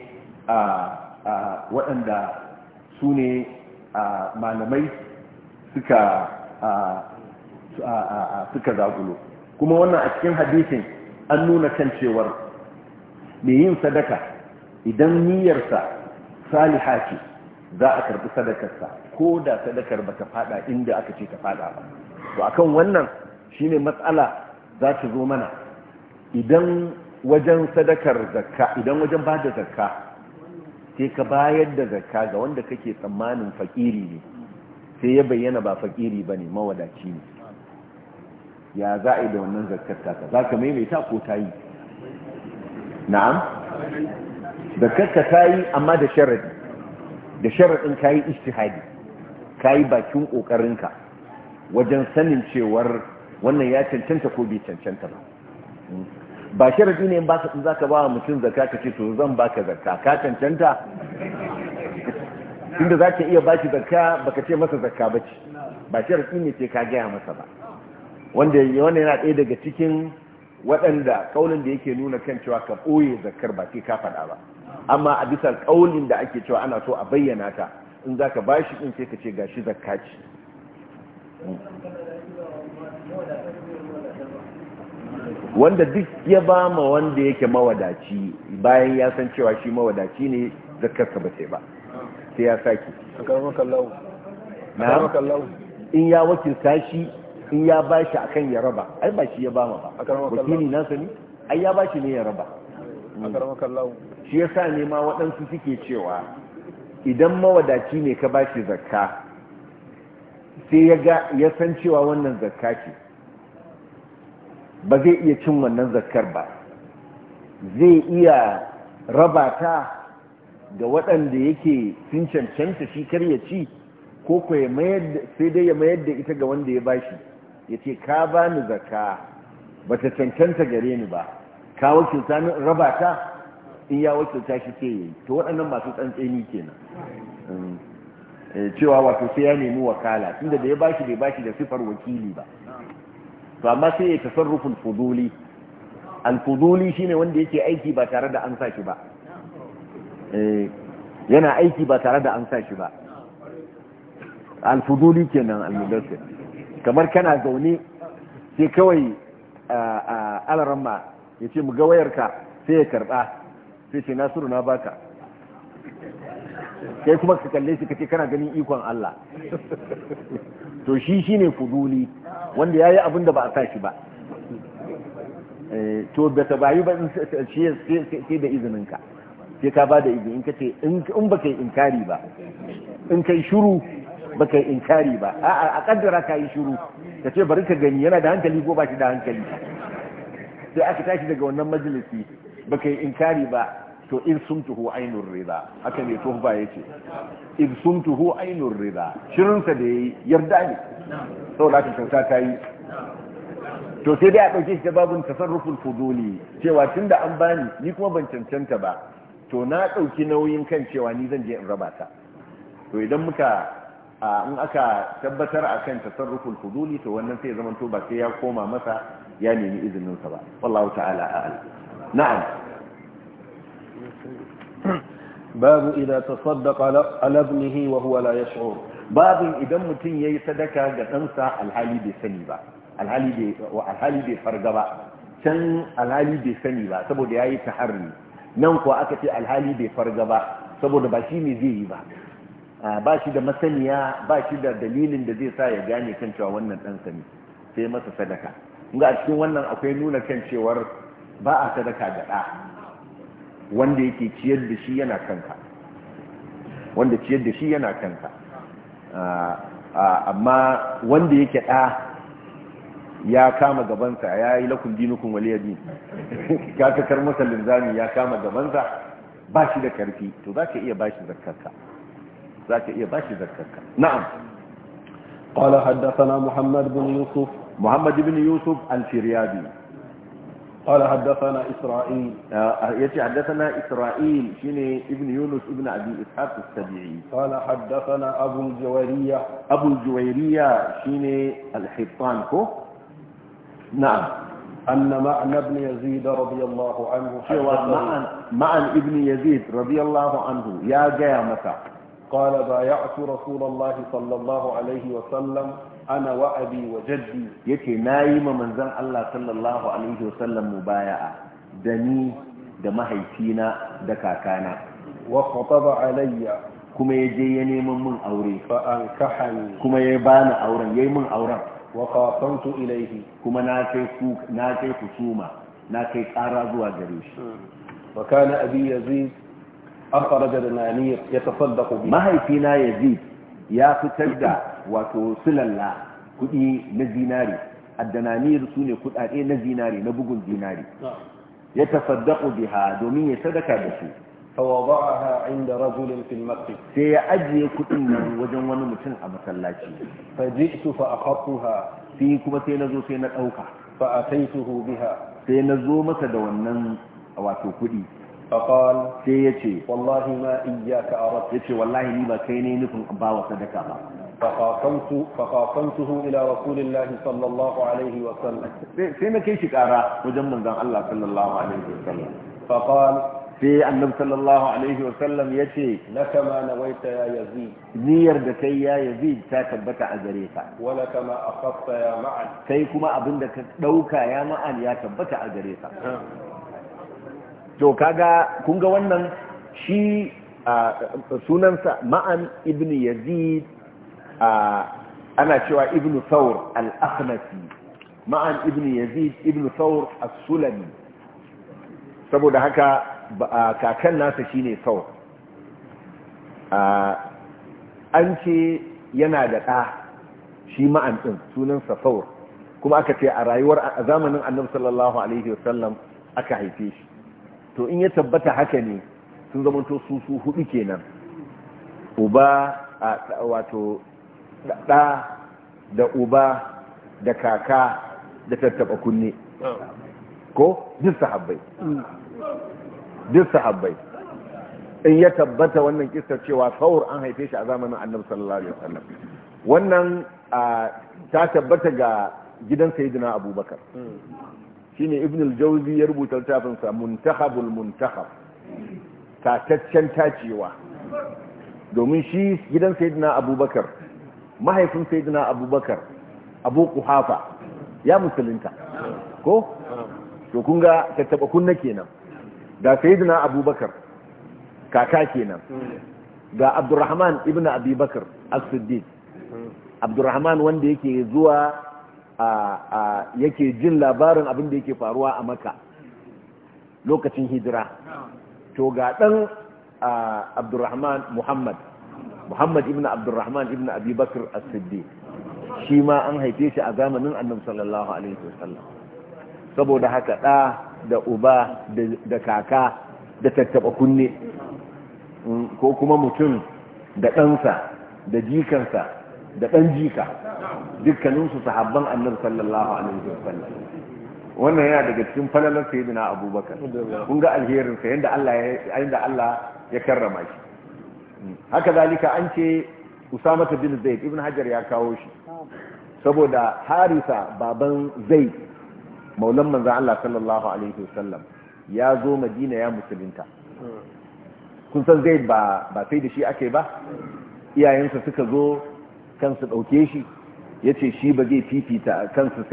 waɗanda su ne malamai suka suka zagulo kuma wannan a cikin hadisin an nuna kan cewar mai yin sadaka idan niyyarsa saliha ce za a karbi sadakarsa ko da sadakar ba ta fada inda aka ce ta fada ba to akan wannan shine matsala za ta zo mana idan wajen sadakar zakka idan wajen ba da zakka sai ka bayar da zakka ga wanda kake tsammanin fakiri ne sai ya bayyana ba fakiri ba ne mawadaci ne ya za a yi da wannan zakar taka za ka maimaita ko ta yi na'am zakar ka ta yi amma da sharadi da sharadin ka yi istihadi ka yi bakin ƙoƙarinka wajen sanin cewar wannan ya cancanta ko bai cancanta ba ba sharadi ne ba su za ka ba wa mutum zakka ka ce to zan ba ka zakka ka cancanta inda za ka iya ba shi zakka ba ka ce masa zakka ba ce ba sharadi ne ce ka gaya masa ba wanda wanda yana ɗaya daga cikin waɗanda ƙaunin da yake nuna kan cewa ka ɓoye zakar ba ke ka faɗa ba amma a bisa ƙaunin da ake cewa ana so a bayyana ta in za ka bashi ɗin sai ka ce ga shi zakka ce wanda duk ya ba ma wanda yake mawadaci bayan ya san cewa shi mawadaci ne zakar ba sai ba sai ya sake in ya wakilta shi in ya ba shi akan ya raba ai ba shi ya ba ma ba wakili nasa ne ai ya ba shi ne ya raba hmm. shi ya sa nema waɗansu suke cewa idan mawadaci ne ka ba shi zakka sai ya san cewa wannan zakka ce ba zai iya cin wannan zakkar ba zai iya raba ta ga waɗanda yake sun cancanta shi kar ya ci ko ko sai dai ya mayar da ita ga wanda ya bashi ya ce ka ba ni zaka ba ta cancanta gare ni ba ka wakilta ni raba ta in ya wakilta shi ce yi to waɗannan masu tsantseni kenan eh, cewa wato sai ya nemi wakala inda da ya bashi bai bashi da sifar wakili ba to amma sai ya tasarrufin fuduli alfuduli shine wanda yake aiki ba tare da an sa shi ba eh, yana aiki ba tare da an sa shi ba alfuduli kenan almudassir kamar kana zaune sai kawai ma ya ce mu ga wayarka sai ya karɓa sai ce nasiru na baka sai kuma ka kalle shi kace kana ganin ikon Allah to shi shine fuduli wanda yayi abin da ba a sa shi ba eh, to ba ta bayi ba shi sai da izinin ka sai ka ba da izini in kace in baka yi inkari ba in kai shiru baka inkari ba a'a a kaddara ka yi shiru ta ce bari ka gani yana da hankali ko ba shi da hankali sai aka tashi daga wannan majalisi baka yi inkari ba to in sumtuhu ainihin rida haka ne ya ce in sumtuhu ainur rida shirin shirinsa da yi yarda ne da ta kyauta ta yi to sai dai a ɗauke shi ta babin tasarrufin fuduli cewa tun da an bani ni kuma ban cancanta ba to na ɗauki nauyin kan cewa ni zan je in raba ta to idan muka in aka tabbatar a akan tasarruful fuduli to wannan sai zaman ba sai ya koma masa ya nemi izininsa ba wallahu ta'ala a'lam na'am babu idan tasaddaqa ala ibnihi wa huwa la yash'ur babu idan mutun yayi sadaka ga ɗansa alhali bai sani ba alhali bai alhali bai farga ba can alhali bai sani ba saboda yayi taharri nan ko aka ce alhali bai farga ba saboda ba shi ne zai yi ba ba shi da masaniya ba shi da dalilin da zai sa ya gane kan cewa wannan ɗansa ne sai masa sadaka ga a cikin wannan akwai nuna kan cewar ba a sadaka da ɗa wanda yake ciyar da shi yana kanka wanda ciyar da shi yana kanka amma wanda yake ɗa ya kama gabansa ya yi lakun dinukun waliyadi ya kakar masa linzami ya kama gabansa ba shi da karfi to za ka iya ba shi zakarka ذاك إيه باشي ذكرك نعم قال حدثنا محمد بن يوسف محمد بن يوسف الفريابي قال حدثنا إسرائيل آه، آه، يتي حدثنا إسرائيل شنو ابن يونس ابن أبي إسحاق السبيعي قال حدثنا أبو الجويرية أبو الجويرية شنو الحيطان كو نعم أن معنى ابن يزيد رضي الله عنه معنى معن, معن ابن يزيد رضي الله عنه يا جاي قال بايعت رسول الله صلى الله عليه وسلم أنا وأبي وجدي يتي نايم من زن الله صلى الله عليه وسلم مبايعة دني دمهيتينا دكاكانا وخطب علي kuma ya je ya neman min aure kuma ya bani auren ya yi min auren wakafantu ilaihi kuma na kai kusuma na kai kara zuwa gare shi wa kana أخرج دنانير يتصدق به ما هي فينا يزيد يا فتجد وتوصل الله كدي نزيناري الدنانير سوني كدي نزيناري نبوغن ديناري يتصدق بها دومين يصدق بسو فوضعها عند رجل في المسجد سي أجي كدنا وجن ونمتن أمسلاتي فجئت فأخطها في كما سينزو سينك أوكا فأتيته بها سينزو مسد ونن واتو كدي فقال سيتي والله ما إياك أردت يتي والله لما كيني نكم أباوة صدقة فقاطمت فقاطمته إلى رسول الله صلى الله عليه وسلم سيما كيشك أرى وجمع ذا الله صلى الله عليه وسلم فقال في النبي صلى الله عليه وسلم يتي لك ما نويت يا يزيد نير دكي يا يزيد تاتبت أجريكا ولك ما أخذت يا معن كيكما أبندك دوكا يا معن يا تبت أجريكا to kaga kun ga wannan shi sunansa ma'an ibn yazid ana cewa ibn thawr al-akhnasi ma'an ibn yazid ibn thawr as-sulami saboda haka kakan nasa shine thawr an ce yana da ɗa shi ma'an ɗin sunansa thawr kuma aka ce a rayuwar a zamanin annabi sallallahu alaihi wasallam aka haife shi to in ya tabbata haka ne sun to su su hudu kenan uba wato da da uba da kaka da tattaba kunne ko duk sahabbai duk sahabbai in ya tabbata wannan kistar cewa saur an haife shi a zamanin annabi sallallahu alaihi wasallam wannan ta tabbata ga gidan sayyidina abubakar shine ibn al-jawzi ya rubuta littafin sa muntakhabul muntakhab tataccen tacewa domin shi gidan sayyidina abubakar mahaifin sayyidina abubakar abu kuhafa ya musulunta ko to kun ga tattaba kunna kenan da sayyidina abubakar kaka kenan ga abdurrahman ibn abubakar as-siddiq abdurrahman wanda yake zuwa yake jin labarin abin da yake faruwa a maka lokacin hijira to ga ɗan abdurrahman muhammad muhammad ibn abdurrahman ibn abubakar as-siddi shi ma an haife shi a zamanin annabi sallallahu alaihi wasallam saboda haka ɗa da uba da kaka da tattaba kunne mm, ko kuma mutum da ɗansa da jikansa da ɗan jika dukkaninsu sahabban annabi sallallahu alaihi wasallam wannan yana daga cikin falalar sayyidina abubakar kun ga alherin sa yanda Allah ya yanda Allah ya karrama shi haka zalika an ce Usama bin Zaid ibn Hajar ya kawo shi saboda Harisa baban Zaid maulan manzan Allah sallallahu alaihi wasallam ya zo Madina ya musulunta kun san Zaid ba ba sai da shi ake ba iyayensa suka zo kansu ɗauke shi ya ce shi ba zai fifita kansu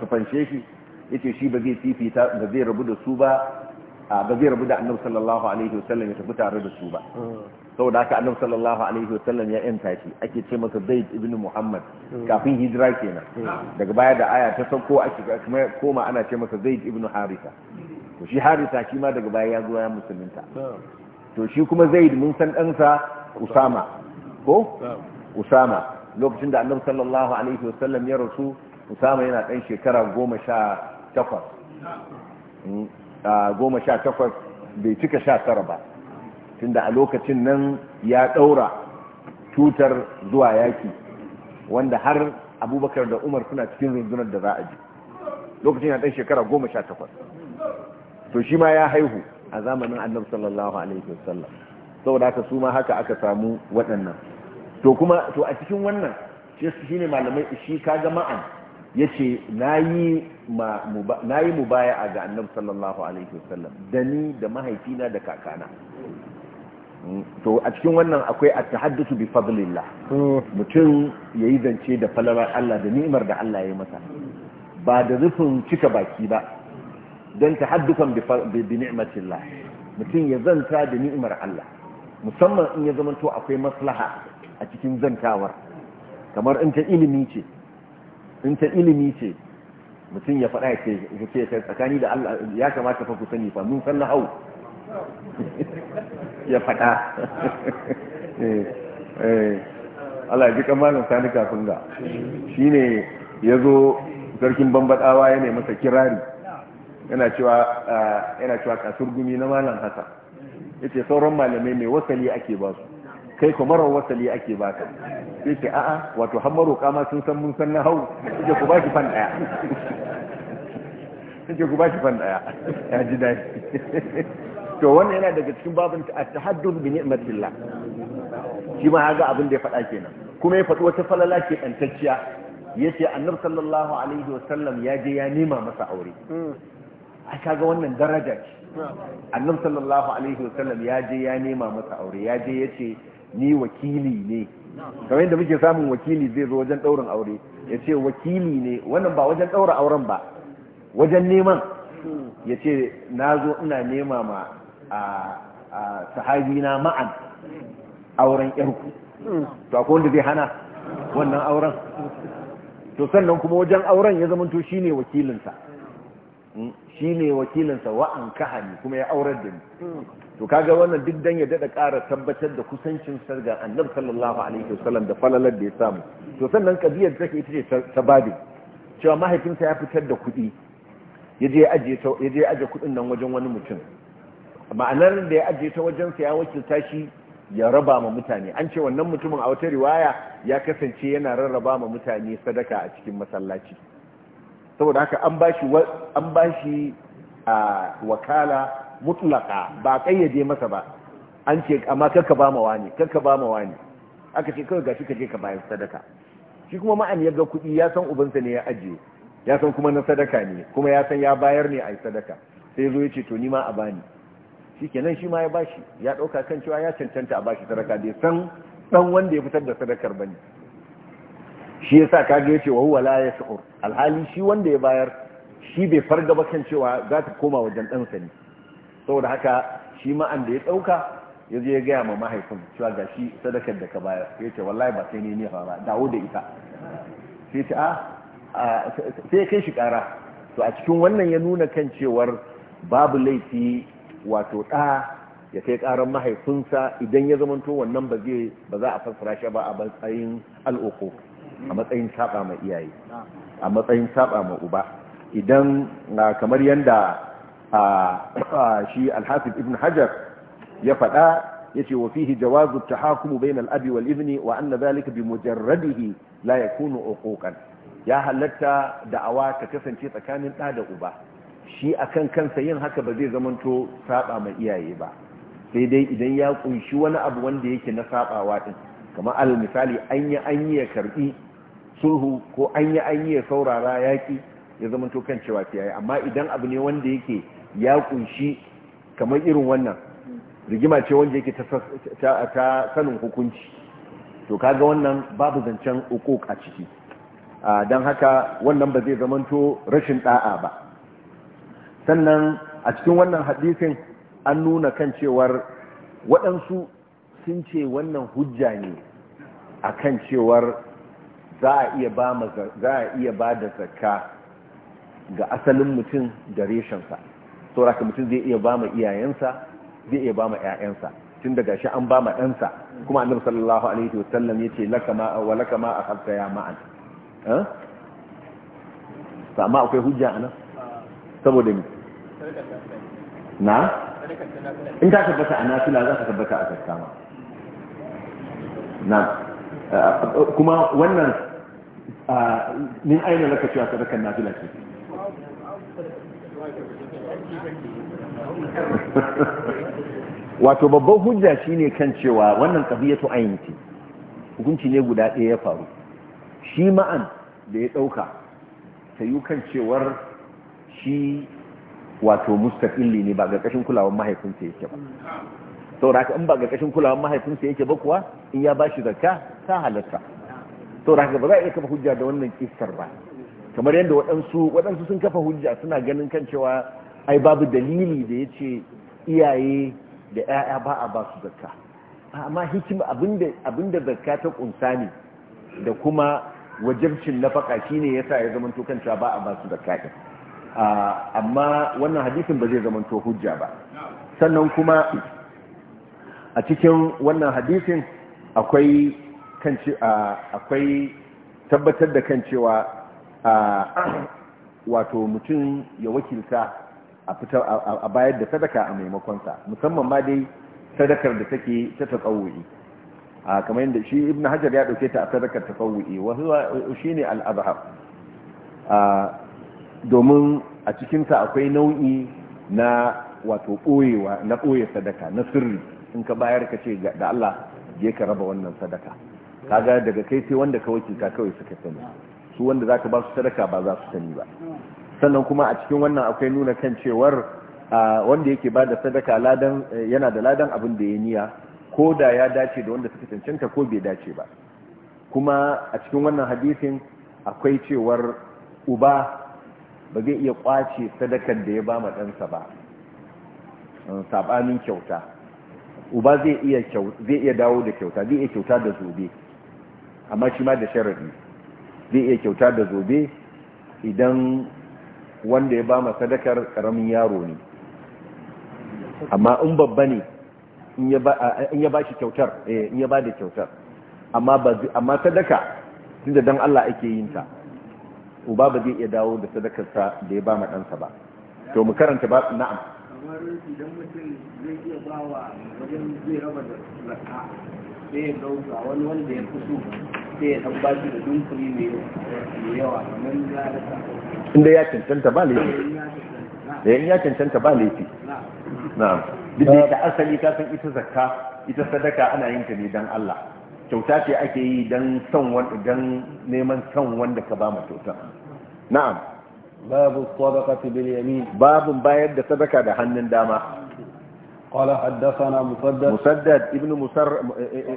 sufanshe shi ya ce shi ba zai fifita ba zai rabu da su ba ba zai rabu da annabu sallallahu alaihi wasallam ya tafi tare da su ba saboda haka annabu sallallahu alaihi wasallam ya yanta shi ake ce masa zaid ibn muhammad kafin hijira kenan daga baya da aya ta sauko ake koma ana ce masa zaid ibn harisa to shi harisa shi ma daga baya ya zo ya musulunta to shi kuma zaid mun san ɗansa usama ko usama lokacin da annabi sallallahu alaihi wasallam ya rasu usama yana dan shekara goma sha 18 mm, bai cika sha tara ba tunda a lokacin nan ya daura tutar zuwa yaki wanda har abubakar da umar suna cikin rundunar da za a ji lokacin ya dan shekara goma sha to shi ma ya haihu a zamanin annabi sallallahu alaihi wasallam saboda haka su ma haka aka samu waɗannan to kuma to a cikin wannan shi ne malamai shi ka ga ma'an ya ce na yi mu baya a ga annabu sallallahu alaihi wasallam da ni da mahaifina da kakana mm, to a cikin wannan akwai a haddasa bi fadlilla mutum ya yi zance da falarar Allah da ni'imar da Allah ya yi masa ba da rufin cika baki ba don haddasa bi mutum ya zanta da ni'imar Allah musamman in ya zama zamanto akwai maslaha a cikin zantawar kamar in ta ilimi ce in ta ilimi ce mutum ya faɗa ya ce tsakani da Allah ya kamata fa ku sani fa mun san hau ya faɗa eh, eh. Allah ji Malam sani kafin ga shi ne ya zo sarkin bambaɗawa ya ne masa kirari yana cewa eh, kasur gumi na malam haka ita sauran malamai mai wasali ake ba su kai ku marar wasali ake baka sai ce a'a wato har maroƙa ma sun san mun san na hau suke ku ba shi fan ɗaya suke ku ba shi fan ɗaya ya ji dai to wannan yana daga cikin babin ta tahaddud bi ni'matillah shi ma ga abin da ya faɗa kenan kuma ya faɗi wata falala ke ɗantacciya ya ce annabi sallallahu alaihi wasallam ya je ya nema masa aure a kaga wannan daraja ce annabi sallallahu alaihi wasallam ya je ya nema masa aure ya je ya ce ni wakili ne kamar yadda muke samun wakili zai zo wajen ɗaurin aure ya ce wakili ne wannan ba wajen ɗaura auren ba wajen neman ya ce na zo ina nema ma a sahabi na ma'an auren yarku to akwai wanda zai hana wannan auren to sannan kuma wajen auren ya zama zamanto shine wakilinsa Hmm? shi ne wakilinsa wa'an kahani kuma ya aurar da ni to kaga wannan duk dan ya dada ƙara tabbatar da kusancin sarga annabi sallallahu alaihi wasallam da falalar da ya samu to sannan kabiyar ta ita ce ta babi cewa mahaifinsa ya fitar da kuɗi ya ya aje kuɗin nan wajen wani mutum ma'anar da ya aje ta wajen sa ya wakilta shi ya raba ma mutane an ce wannan mutumin a wata riwaya ya kasance yana rarraba ma mutane sadaka a cikin masallaci saboda haka an ba an bashi wakala mutlaka ba kayyade masa ba an ce amma karka ba mawa ne karka ba mawa ne aka ce kawai gashi ka je ka bayar sadaka shi kuma ma'an ya ga kuɗi ya san ubansa ne ya ajiye ya san kuma na sadaka ne kuma ya san ya bayar ne a yi sadaka sai zo ya ce to ni ma a bani shi kenan shi ma ya bashi ya ɗauka kan cewa ya cancanta a bashi sadaka dai san ɗan wanda ya fitar da sadakar ba ne shi ya sa kage ce wa huwa la sa'ur alhali shi wanda ya bayar shi bai farga ba kan cewa za ta koma wajen ɗan sani saboda haka shi ma'an da ya ɗauka ya je ya gaya ma mahaifin cewa ga shi sadakar da ka bayar ya ce wallahi ba sai ne ne fara dawo da ita sai ce ah, sai kai shi kara to a cikin wannan ya nuna kan cewar babu laifi wato ɗa ya kai ƙarar mahaifinsa idan ya zamanto wannan ba ba za a fassara shi ba a matsayin al'uku a matsayin saba ma iyaye a matsayin saba ma uba idan ah, kamar yadda ah, ah, shi alhafiz ibn hajar ya faɗa ya ce wa fihi jawazu bainal bain al-abi wal ibni wa anna dhalika bi mujarradihi la yakunu uquqan ya halatta da'awa ta kasance tsakanin ɗa da uba shi akan kansa yin haka ba zai zamanto saba ma iyaye ba sai dai idan ya kunshi wani abu wanda yake na sabawa din kamar al misali an yi an yi ya karbi sulhu ko an yi an yi ya saurara yaƙi ya zama to kan cewa ta yayi amma idan abu ne wanda yake ya kunshi kamar irin wannan rigima ce wanda yake ta sanin hukunci to kaga wannan babu zancen uku a ciki don haka wannan ba zai zamanto rashin ɗa'a ba sannan a cikin wannan hadisin an nuna kan cewar waɗansu sun ce wannan hujja ne a kan cewar za a iya ba za a iya ba da zakka ga asalin mutum da reshensa sauraka mutum zai iya ba ma iyayensa zai iya ba ma ƴaƴansa tun daga shi an ba ma ɗansa kuma annabi sallallahu alaihi wasallam yace lakama wa lakama akhadta ya ma'an eh amma akwai hujja anan saboda ni na in ka tabbata a nafila za ka tabbata a zakka ma na eh, kuma wannan min aina laka cewa sadakan nafila ce wato babban hujja shine kan cewa wannan qadiyatu ayinti hukunci ne guda ɗaya ya faru shi ma'an da ya ɗauka ta yi kan cewar shi wato mustaqilli ne ba ga kulawan kulawar mahaifinsa yake ba saboda haka in ba ga kulawar mahaifinsa yake ba kuwa in ya bashi zakka ta halatta saboda haka ba za a iya kafa hujja da wannan kissar ba kamar yadda waɗansu waɗansu sun kafa hujja suna ganin kan cewa ai babu dalili da ya ce iyaye da 'ya'ya ba a ba su zakka amma hikima abinda zakka ta kunsa ne da kuma wajibcin nafaka shine yasa ya zama to kan cewa ba a ba su zakka din amma wannan hadisin ba zai zama to hujja ba sannan kuma a cikin wannan hadisin akwai kan ce akwai tabbatar da kan cewa wato mutum ya wakilta a fitar a bayar da sadaka a maimakonsa musamman ma dai sadakar da take ta tsawuyi a kamar yadda shi ibn hajar ya dauke ta a sadakar ta tsawuyi shi ne a domin a cikin sa akwai nau'i na wato boyewa na boye sadaka na sirri in ka bayar ka ce da Allah je ka raba wannan sadaka kaga daga kai sai wanda ka wakilta kawai suka sani su wanda zaka ba su sadaka ba za su sani ba sannan kuma a cikin wannan akwai nuna kan cewar wanda yake ba da sadaka ladan yana da ladan abin da ya niya ko da ya dace da wanda suka cancanta ko bai dace ba kuma a cikin wannan hadisin akwai cewar uba ba zai iya kwace sadakar da ya ba ma ɗansa ba sabanin kyauta uba zai iya dawo da kyauta zai iya kyauta da zobe amma shi ma da sharadi zai iya kyauta da zobe idan wanda ya ba ma sadakar karamin yaro ne amma in babba ne in ya ba shi kyautar eh, in ya ba da kyautar amma sadaka tunda don Allah ake yin ta uba ba zai iya dawo da sadakarsa da ya ba ma ɗansa ba to mu karanta ba na'am mutum zai iya wajen zai raba da sai ya ɗauka wani wanda ya fi so sai ya ɗan da dunkuri mai yawa kamar ya rasa inda ya cancanta ba laifi da yin ya cancanta ba laifi na'am duk da asali ka san ita zakka ita sadaka ana yin ta ne dan Allah kyauta ce ake yi dan son wanda dan neman son wanda ka ba mu kyauta na'am babu sadaqati bil yamin babun bayar da sadaka da hannun dama قال حدثنا مسدد مسدد ابن مسر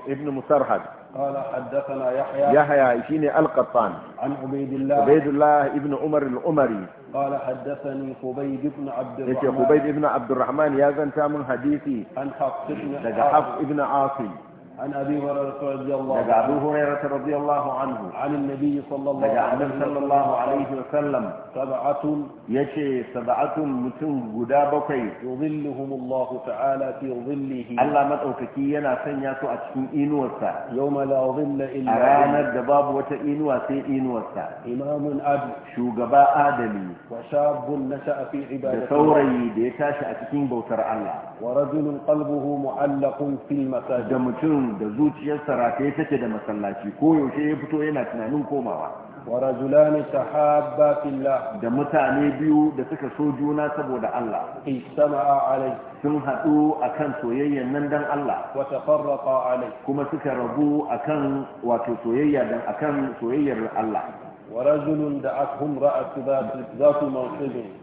ابن مسرحد قال حدثنا يحيى يحيى شيني القطان عن عبيد الله عبيد الله ابن عمر العمري قال حدثني خبيب بن عبد الرحمن خبيب بن عبد الرحمن يا زن من حديثي عن حفص بن حفص ابن عاصم عن أبي هريرة رضي الله عنه أبو هريرة رضي الله عنه عن النبي صلى الله عليه وسلم صلى الله عليه وسلم سبعة يشي سبعة متن قدابكي يظلهم الله تعالى في ظله ألا مدعوكي ينا سنياتو أتشن إنوسا يوم لا ظل إلا أرانا الدباب وتإنوا سي إنوسا إمام عدل شو قباء آدمي وشاب نشأ في عبادة ثوري ديتاش أتشن بوتر الله wa rajulun qalbuhu mu'allaqun fil da mutum da zuciyarsa rataye take da masallaci ko yaushe ya fito yana tunanin komawa wa rajulani tahabba fillah da mutane biyu da suka so juna saboda Allah istama'a alai sun hadu akan soyayyan nan dan Allah wa tafarraqa alai kuma suka rabu akan wato soyayya dan akan soyayyar Allah wa rajulun da'athum ra'at zatu mawqibin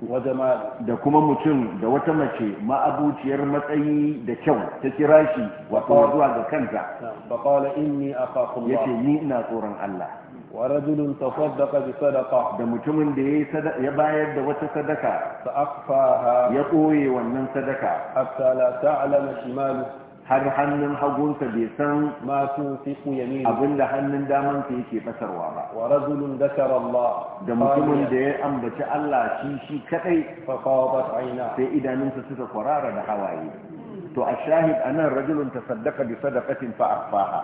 da kuma mutum da wata mace ma'abuciyar matsayi da kyau ta kira shi wato zuwa ga kanta fa qala yace ni ina tsoron Allah wa rajulun tasaddaqa bi sadaqa da mutumin da yayi ya bayar da wata sadaka sa akfaha ya koye wannan sadaka hatta la ta'lama har hannun hagunsa bai san ma tunfiqu yamin abinda hannun daman ta yake fasarwa ba wa rajulun dhakara Allah da mutumin da ya ambaci Allah shi shi kadai fa fawabat aina sai idanunsa suka kwarara da hawaye to a shahid a nan rajulun ta saddaka bi sadakatin fa akfaha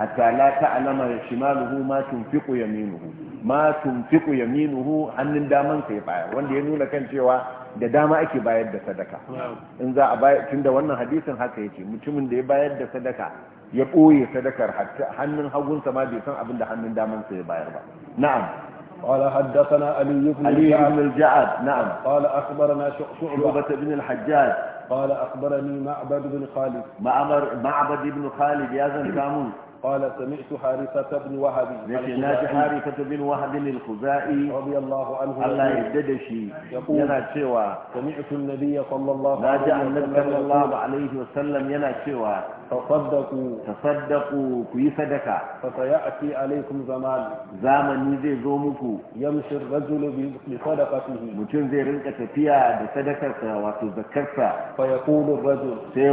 hatta la ta'lama shimaluhu ma tunfiqu yaminuhu ma tunfiqu yaminuhu hannun daman sai bayar wanda ya nuna kan cewa da dama ake bayar da sadaka in za a bayar tunda wannan hadisin haka yake mutumin da ya bayar da sadaka ya ɓoye sadakar hannun hagunsa ma bai san abin da hannun daman damansa ya bayar ba na'am قال حدثنا علي بن علي بن الجعد نعم قال أخبرنا شعبة بن الحجاج قال أخبرني معبد بن خالد معبد, معبد بن خالد يا زنكامون قال سمعت حارثة بن وهب نشنات حارثة بن وهب الخزائي رضي الله عنه الله يددشي يقول ينا سمعت النبي صلى الله عليه وسلم ناجع النبي صلى الله عليه وسلم ينا شوى tasaddaqu tasaddaqu ku yi sadaka fa sayati alaikum zaman zamani zai zo muku yamshi rajulu bi sadaqatihi mutum zai rinka tafiya da sadakarsa wato zakarsa fa yaqulu rajul sai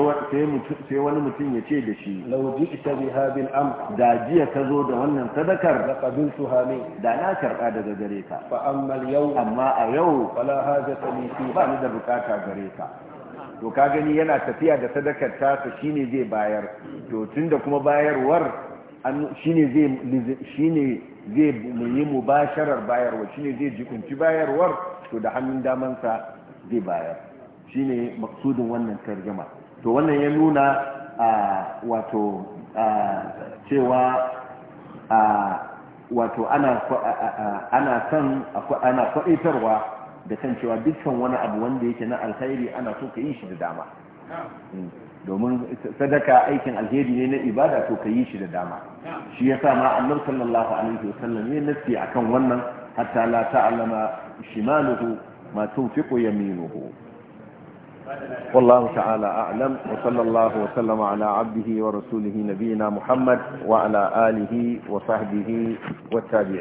wani mutum ya ce da shi law ita bi hadhihi al da jiya ka zo da wannan sadakar su min da na karba daga gare ka fa amma amma a yau fala hajata li ba ni da buƙata gare ka to ka gani yana tafiya da sadakar tasa shine zai bayar to tunda kuma bayarwar shine zai shine zai yi mubasharar bayarwa shine zai jikunci bayarwar to da hannun damansa zai bayar shine maksudin wannan tarjuma to wannan ya nuna a wato a cewa a wato ana ana son ana faɗitarwa da kan cewa dukkan wani abu wanda yake na alkhairi ana so ka yi shi da dama domin sadaka aikin alheri ne na ibada to ka yi shi da dama shi yasa ma annabi sallallahu alaihi wasallam ya nasi akan wannan hatta la ta'lama shimaluhu ma tunfiqu yaminuhu wa تعالى ala وصلى wa rasulihi على Muhammad wa نبينا محمد وعلى آله وصحبه والتابعين